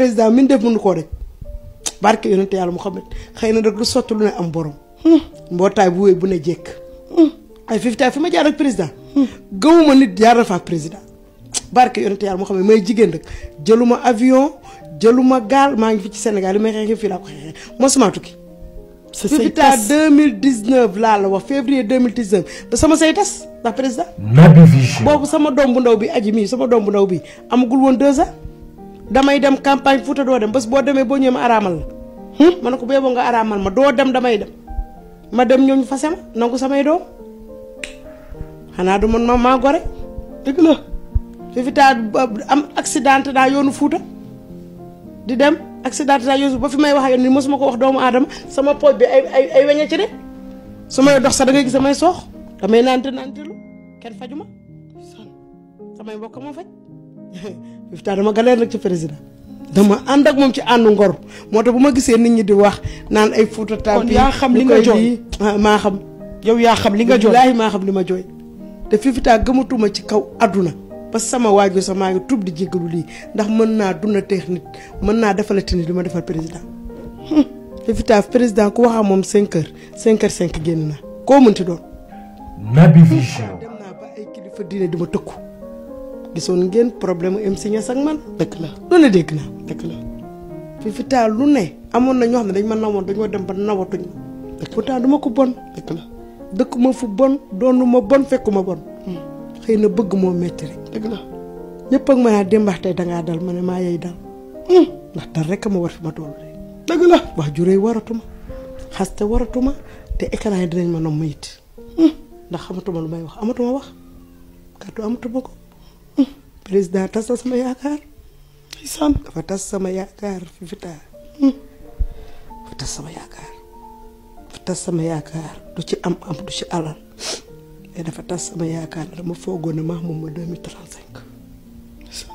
président min def mënu koo def barke yonente yàlla Muhammad xëy na rek lu sotti lu ne am borom. Hmm. mbootaay bu wéy bu ne jekk. Hmm. ay fiftaay fi ma jaar ak président. Hmm. gëwuma nit jaar na fa ak président. barke yonente yàlla ne may jigéen rek jëluma avion jëluma gaal maa ngi fi ci Sénégal yi may xeexee fii laa ko xeexee mosuma tukki. sa say tas 2019 la wax février 2019 ba sama say tas ndax président. Naby boobu sama doom bu ndaw bi aji mii sama doom bu ndaw bi amagul woon deux ans. damay dem campagne Fouta do dem bes bo demé bo ñëm aramal, araamal la hmm? ma ne ko bee nga aramal ma do dem damay dem ma dem ñooñu fase nangu samay do xana du man ma gore la fi am accident da yoonu Fouta di dem accident da yoonu ba fi may wax yoon ni mosuma ko wax doomu adam sama poj bi ay ay ay weñe ci de su dox sa da ngay gis samay sox damay nante lu ken fajuma samay mbokk mo faj Fifta dama galère nag ci président dama ànd ak moom ci ànd ngor moo tax bu ma gisee nit ñi di wax naan ay Fouta Tampi. yaa xam li nga jooy ah, maa yow yaa xam li nga jooy wallaahi maa xam li ma jooy. te Fifta gëmatuma ci kaw àdduna ba sama waajur sa maa ngi tub di jéggalu lii ndax mën naa duna teex nit mën naa defalati nit li ma defal président. Hmm. Fifta président ku waxaa moom 5 heures 5 génn na koo mënti doon. Naby Vision. dem naa ba ay kilifa diine di ma tëkku. gisone ngeen problème MC nya ak man dekk la lu ne dekk na dekk la fi fi ta lu ne amon na ñoo xam dañ ma dañ ko dem ba nawatuñ dekk pourtant du ko bon dekk la dekk ma fu bon doonu ma bon fekkuma bon xeyna bëgg mo metti rek dekk la ñepp ak ma naa dem wax tey dangaa dal ma yey dal ndax dal rek ma war fi ma tollu dekk la wax reey waratuma xasta waratuma te écran yi dinañ ma nomm it ndax xamatuma lu may wax amatuma wax kaddu amatuma ko président tas na sama yaakaar ndeysaan dafa tas sama yaakaar Fifita hmm. tas sama yaakaar dafa tas sama yaakaar du ci am am du ci alal mais dafa tas sama yaakaar ne dama foogoon ne maa moom ma 2035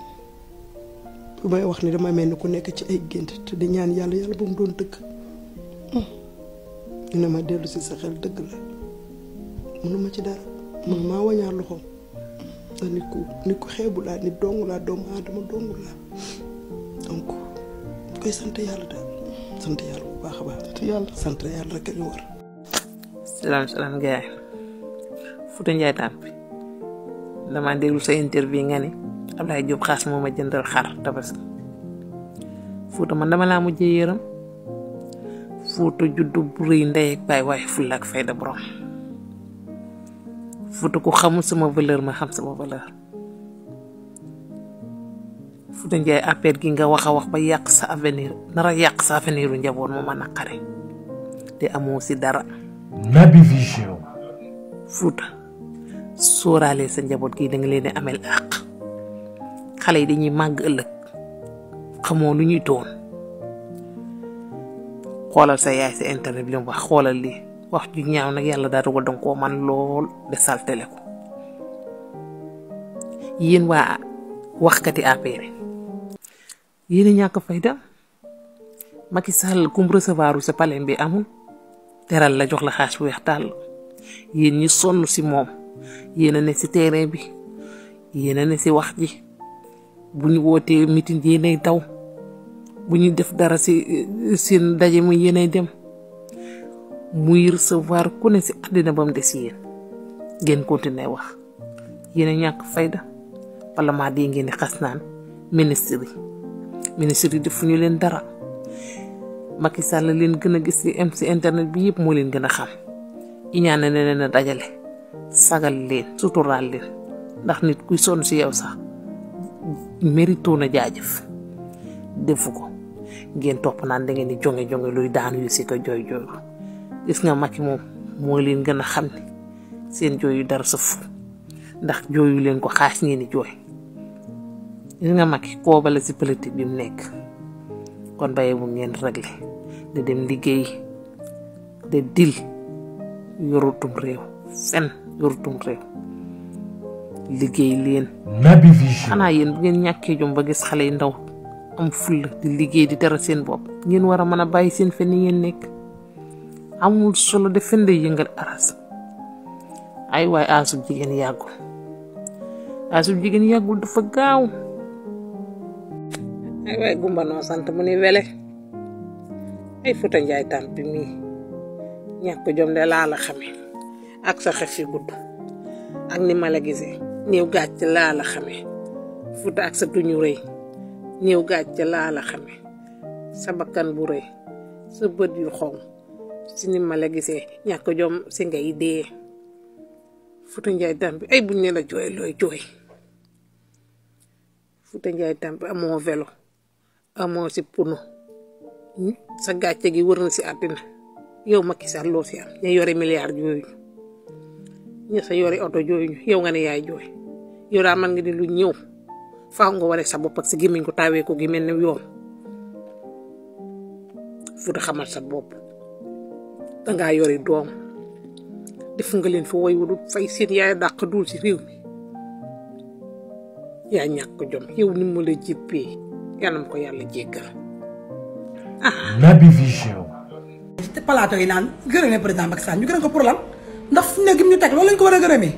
bu may wax ni dama mel ni ku nekk ci ay gént te di ñaan yàlla yàlla bu mu doon dëgg dina hmm. ma dellu si sa xel dëgg la mënuma ci dara mënuma wañaar loxoom ndax nit ku nit ku xeebu laa nit dong laa doomu aadama dong laa donc koy sant yàlla daal sant yàlla bu baax a baax sant yàlla sant yàlla rek ñu war salaam salaam gaay futa njaay tàmp dama déglu sa interview nga ni Ablaye Diop xaas moo ma jëndal xar tabaski fuuta man dama laa mujjee yëram fuuta juddu bu rëy ndey bàyyi waaye fulla fayda borom Fouta ku xamul sama valeur ma xam sama valeur Fouta Ndiaye affaire gi nga wax a wax ba yàq sa avenir nara yàq sa avenir u njaboot moo ma naqari te amoo si dara. Naby Vision. sa njaboot gi da nga leen amel àq xale yi dañuy màgg ëllëg xamoo lu ñuy doon xoolal sa yaay sa internet bi mu wax xoolal lii. wax ju ñaaw nag yàlla daa danga koo man lool de saltele ko yéen waa waxkati APR yéen a ñàkk fayda Macky Sall kum recevoir sa palais bi amul teral la jox la xaas bu weex tàll yéen ñi sonn si moom yéen ne si terrain bi yéen ne si wax ji bu ñu wootee meeting yéenay daw bu ñu def dara si seen ndaje mu yéenay dem muy recevoir ku ne si àddina ba mu des yéen ngeen continuer wax yéen a ñàkk fayda parlement di ngeen xas naan ministre yi ministre yi defuñu leen dara Macky Sall leen gën a gis ci m si internet bi yëpp moo leen gën a xam iñaane ne leen a dajale sagal leen suturaal leen ndax nit kuy sonn si yow sax mérito na jaajëf defu ko ngeen topp naan da ngeen di jonge jonge luy daan yu si ko jooy jooy gis nga Macky moom moo leen gën a xam ne seen jooyu dara sëfu ndax jooyu leen ko xaas ngeen di jooy gis nga koo koobale si politique bi mu nekk kon bàyyi bu ngeen réglé da dem liggéey da dil yorutum réew fen yorutum réew liggéey leen xanaa yéen bu ngeen ñàkkee jom gis xale yu ndaw am fulla di liggéey di dara seen bopp ngeen war a mën a bàyyi seen fen yi ngeen nekk amul solo defende yëngal aras ay waay asub jigéen yàggul asub jigéen yàggul dafa gaaw ay way gumba no sante mu ni wele ay futa njaay tan bi ñak ko jom de laa la xamé ak sa xef fi gudd ak ni mala gisé gisee néew la la xamé futa ak sa duñu reuy la la xamé sa bakkan bu reuy sa yu Sini ni ma la gisee ñàkk jom si ngay dee futa njaay tam ay eh, buñ ne la jooy looy jooy futa njaay tam amo amoo amo amoo si puno hmm? sa gàcce gi wër na si àddina yow Macky Sall loo si am ña yore milliard jooyuñu ña sa yore oto jooyuñu yow nga ne yaay jooy yow daa man nga ni lu ñëw faaw nga waree sa bopp ak sa gémmiñ ko taawee ko gi mel ne yoon futa xamal sa bopp da dangaa yore doom def nga leen fa woy wulu fay seen yaay dàq dul ci réew mi yaa ñàkk jom yow ni mu la jippee yàlla ma ko yàlla jéggal ah. Naby Vision te plateau yi naan gërëmee président Macky Sall ñu gërëm ko pour lan ndax fu ne gi ñu teg loolu lañ ko war a gërëmee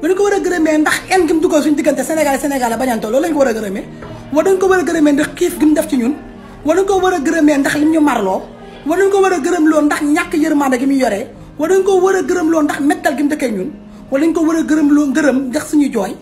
loolu lañ ko war a gërëmee ndax en gi mu duggal suñu diggante Sénégal Sénégal bañantoo loolu lañ ko war a gërëmee wala dañ ko war a gërëmee ndax gi mu def ci ñun wala dañ ko war a gërëmee ndax lim ñu marloo war nañ ko war a gërëm loo ndax ñàkk yërmande gi muy yoree war nañ ko war a gërëm loo ndax mettal gi mu dëkkee ñun wala ñu ko war a gërëm loo ngërëm ndax suñu jooy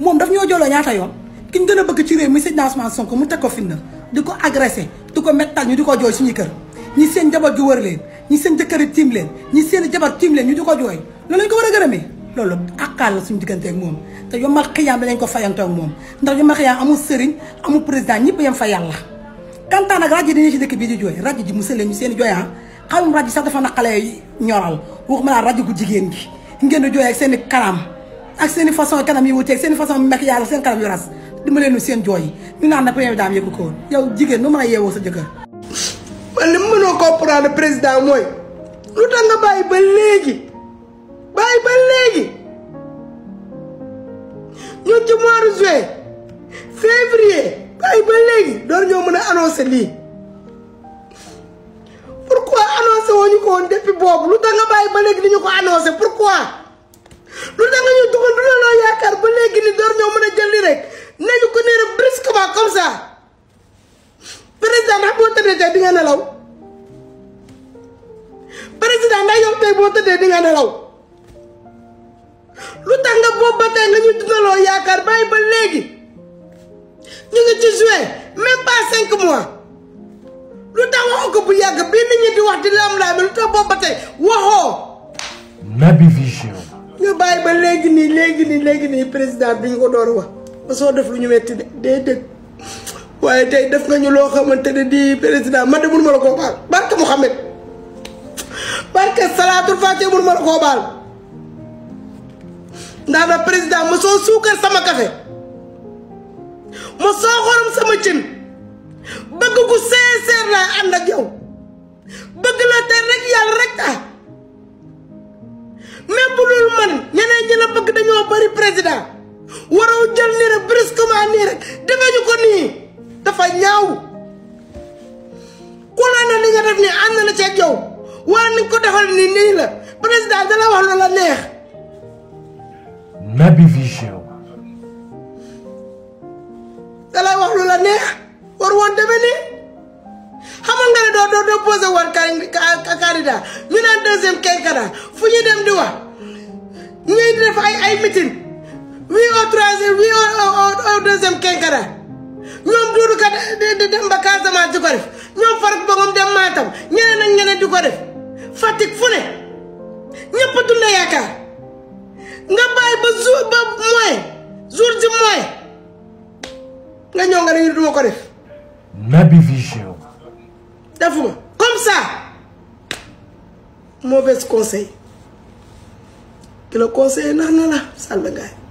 moom daf ñoo jooloo ñaata yoon ki gën a bëgg ci réew mi Seydina Ousmane Sonko mu teg ko fitna di ko agressé di ko mettal ñu di ko jooy suñu kër ñi seen njaboot gi wër leen ñi seen jëkkëri tiim leen ñi seen jabar tiim leen ñu di ko jooy loolu lañ ko war a gërëmee loolu àqaal la suñu diggante ak moom te yomal xiyaam danañ ko fayantoo ak moom ndax yomal xiyaam amul sëriñ amul président ñëpp yem fa yàlla kantaan ak rajo dañuy ci dëkk bii di jooy rajo ji mu sële ñu seen i jooy ah xamum rajo sax dafa naqalee ñoral waxuma laa rajo gu jigéen gi ngeen di jooy ak seen i kanam ak seeni façon kanam yi wuteeg seen i façon maquillage seen kanam yu ras dima leen seen jooy ñu naan na première dame yëgu ko woon yow jigéen nu mën a yeewoo sa jëkkër man li mënoo comprendre président mooy lu tax nga bàyyi ba léegi bàyyi ba léegi ñu ci mois février waaye ba léegi door ñoo mëna annoncer li pourquoi annoncer woo ñu ko woon depuis boobu lu da nga bay ba léegi ñu ko annoncer pourquoi lu da nga ñu dugal duna loo yaakar ba léegi ni door ñoo mëna jël li rek nañu ko neere brusquement comme ça président ndax boo tay di nga nelaw président ndax yow tey Lutanga tëddee di nga nelaw lu tax nga bo ba nga ñu lo yaakar bay ba ñu ngi ci joué même pas cinq mois lu tax ko bu yàgg bi nit ñi di wax di lam laay ba lu tax boobu ba tey waxoo. Vision. nga bàyyi ba léegi nii léegi nii léegi nii président bi ñu door wax ba soo def lu ñu metti de def nga ñu di président man de mënuma la bal, baal barke Mouhamed barke Salaatul Faatiha mënuma la koo baal ndax président ma soo sama café. ma soo xorom sama cin bëgg ku sincère laa ànd ak yow bëgg la te rek yàlla rek tax même bu dul man ñeneen bëgg dañoo bari président waroo jël nii rek brusquement nii rek defee ñu ko nii dafa ñaaw ku la na li nga def nii ànd na ceeg yow wala ni ko defal nii nii la président dala wax lu la neex Naby Vision am candidat ñu naan deuxième quinquennat fu ñu dem di wax ñuy def ay ay meeting wii au troisième wii au deuxième quinquennat ñoom Doudou Ka di def ñoom Farba Ngom dem Matam ñeneen ak ñeneen di ko def Fatick fu ne ñëpp a dundee yaakaar nga bàyyi ba jour ba moyen jour ji moyen nga ñëw nga ne ñu duma ko def. Naby Vision. defuma. ça Mauvais conseil le conseil est non, là, non. Sall gars.